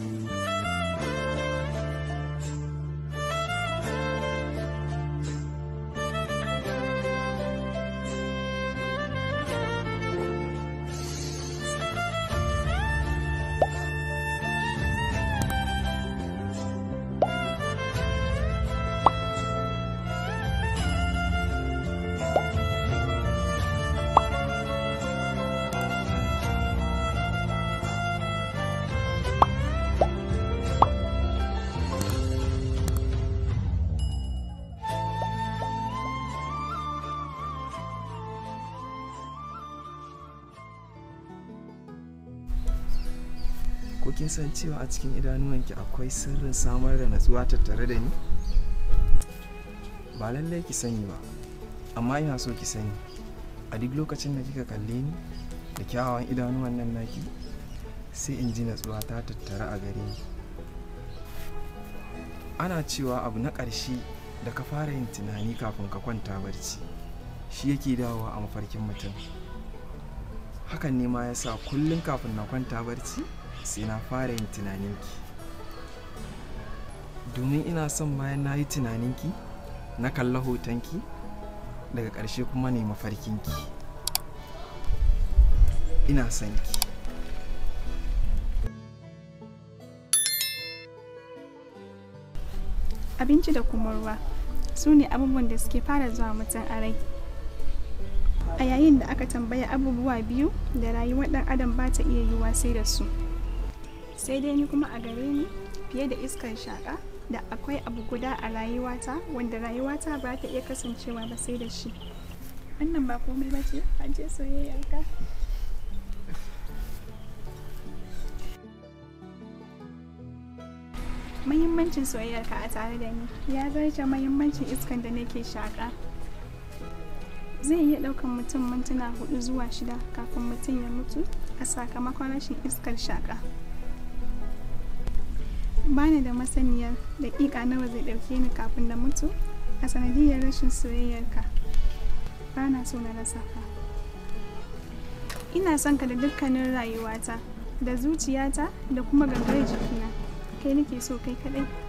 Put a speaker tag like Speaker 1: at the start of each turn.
Speaker 1: Thank you. ko kin san cewa a cikin ki akwai sirrin samar da natsuwa tattare da ni ba lallai ki sani ba amma ina so ki sani a duk lokacin da kika kalle ni da kyawawan idanuwan nan naki sai in ji natsuwa ta tattara a gare ni ana cewa abu na ƙarshe da ka fara yin tunani kafin ka kwanta barci shi yake dawowa a mafarkin mutum hakan ne ma ya sa kullum kafin na kwanta barci sai na fara yin tunaninki domin ina son bayan na yi tunaninki na kalla hotonki daga ƙarshe kuma ne mafarkinki ina son ki
Speaker 2: abinci da kuma ruwa su ne abubuwan da suke fara zuwa mutum a rai a yayin da aka tambaya abubuwa biyu da rayuwar dan adam ba ta iya yiwa sai da su sai dai ni kuma a gare ni fiye da iskar shaka da akwai abu guda a rayuwata wanda rayuwata ba ta iya kasancewa ba sai da shi wannan ba komai ba ce je soyayya mahimmancin muhimmancin soyayyarka a tare da ni ya zarce muhimmancin iskan da nake shaka. zai iya ɗaukan mutum mintuna hudu zuwa shida kafin mutum ya mutu a sakamakon rashin iskar shaka. bani da masaniyar da ƙiƙa nawa zai ɗauke ni kafin da mutu a sanadiyar rashin soyayyarka ba na so na rasa ka ina son ka da dukkanin rayuwata da zuciyata da kuma gangar jikina kai nake so kai kaɗai